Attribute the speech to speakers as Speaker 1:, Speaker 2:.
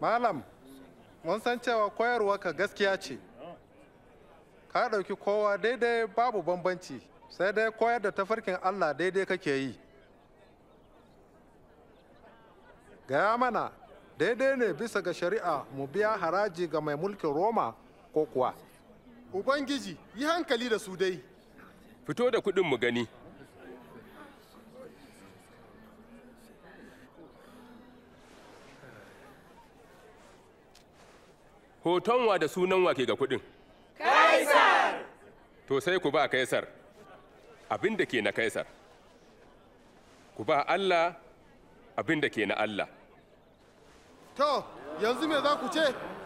Speaker 1: malam mun san cewa koyarwa ka gaskiya ce ka ɗauki kowa daidai babu bambanci sai dai koyar da tafarkin allah daidai kake yi gaya mana daidai ne bisa ga shari'a mu biya haraji ga mai mulkin roma ko kuwa ubangiji yi hankali da su dai
Speaker 2: fito da kudin mu gani hoton wa da sunan wa ke ga kudin. kaisar to sai ku ba kaisar abin da ke na kaisar ku ba allah abin da ke na allah
Speaker 3: to yanzu me za ku ce